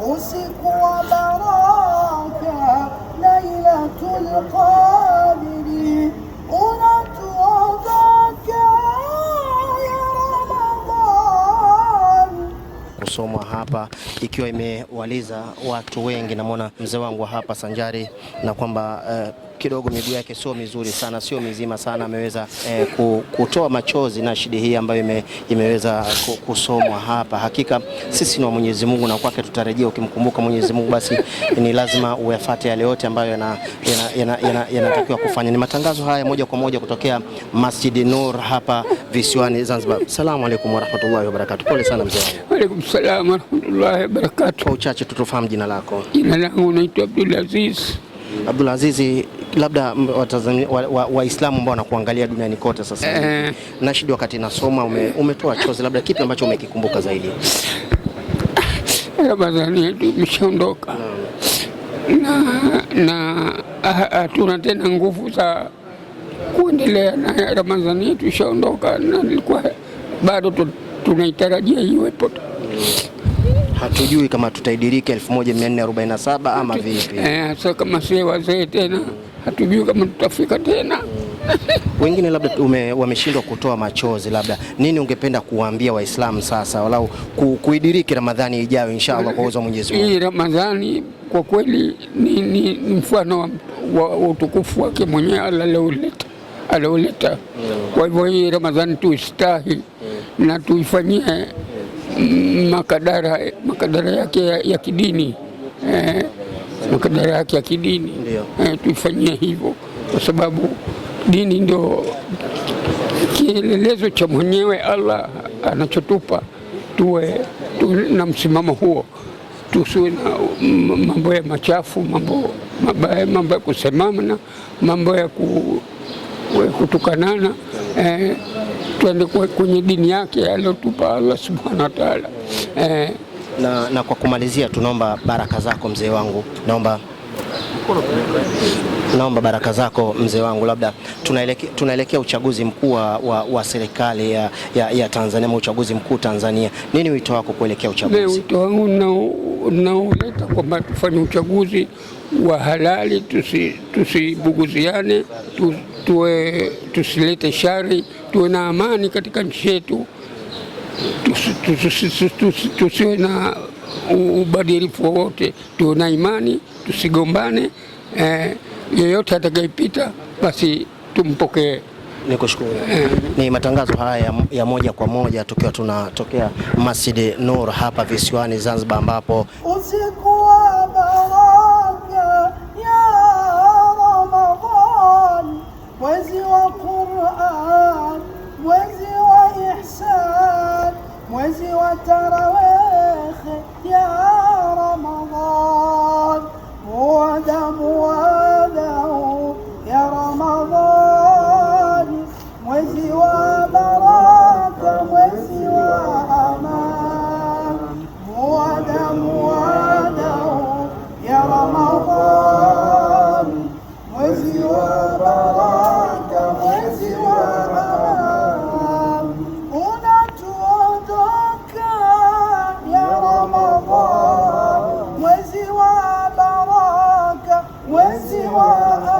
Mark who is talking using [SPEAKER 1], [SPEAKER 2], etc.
[SPEAKER 1] أسق وبراك ليلة القدر hapa ikiwa imewaliza watu wengi. Namwona mzee wangu hapa sanjari na kwamba uh, kidogo miguu yake sio mizuri sana, sio mizima sana, ameweza eh, kutoa machozi na shida hii ambayo ime, imeweza kusomwa hapa. Hakika sisi ni wa Mwenyezi Mungu na kwake tutarejea. Ukimkumbuka Mwenyezi Mungu, basi ni lazima uyafate yale yote ambayo yanatakiwa kufanya. Ni matangazo haya moja kwa moja kutokea Masjid Nur hapa visiwani Zanzibar. Salamu alaykum warahmatullahi wabarakatuh. Pole sana mzee
[SPEAKER 2] wangu. Alaykum salaam warahmatullahi wabarakatuh.
[SPEAKER 1] Kwa uchache tutofahamu jina lako.
[SPEAKER 2] Jina langu naitwa Abdul Aziz.
[SPEAKER 1] Abdul Aziz, labda Waislamu wa, ambao wanakuangalia duniani kote sasa hivi. Eh. Nashidi wakati nasoma ume, umetoa chozi, labda kipi ambacho umekikumbuka zaidi?
[SPEAKER 2] Ramadhani yetu imeshaondoka na ah, hatuna tena nguvu za kuendelea na Ramadhani yetu ishaondoka, na nilikuwa bado tunaitarajia iwepo,
[SPEAKER 1] hatujui kama tutaidirika 1447 ama vipi.
[SPEAKER 2] Eh, hasa kama si wazee tena, hatujui kama tutafika tena
[SPEAKER 1] wengine labda wameshindwa kutoa machozi, labda nini ungependa kuwaambia Waislamu sasa walau kuidiriki Ramadhani ijayo inshallah kwa uwezo wa Mwenyezi
[SPEAKER 2] Mungu? Hii Ramadhani kwa kweli ni, ni, mfano wa, wa utukufu wake mwenyewe Allah alioleta alioleta. Kwa hivyo hii Ramadhani tuistahi na tuifanyie mm, makadara makadara yake ya kidini eh, makadara yake ya kidini eh, tuifanyie hivyo kwa sababu dini ndio kielelezo cha mwenyewe Allah anachotupa tuwe, tu, na msimamo huo, tusiwe na mm, mambo ya machafu, mambo mabaya, mambo ya kusemana, mambo ya ku kutukanana eh, twende kwenye dini yake aliyotupa Allah subhanahu wa taala eh.
[SPEAKER 1] Na, na kwa kumalizia, tunaomba baraka zako mzee wangu, naomba naomba baraka zako mzee wangu, labda tunaelekea tunaelekea uchaguzi mkuu wa, wa serikali ya, ya, ya Tanzania, uchaguzi mkuu Tanzania. Nini wito wako kuelekea uchaguzi?
[SPEAKER 2] Wito wangu naoleta kwamba tufanye uchaguzi wa halali, tusibuguziane, tusi tuwe tusilete shari, tuwe na amani katika nchi yetu, tusiwe na ubadilifu wowote, tuwe na imani, tusigombane. Eh, yoyote yeyote atakayepita basi tumpokee.
[SPEAKER 1] Nikushukuru. Eh. Ni matangazo haya ya moja kwa moja tukiwa tunatokea Masjid Nur hapa visiwani Zanzibar ambapo وسوى براك وسوى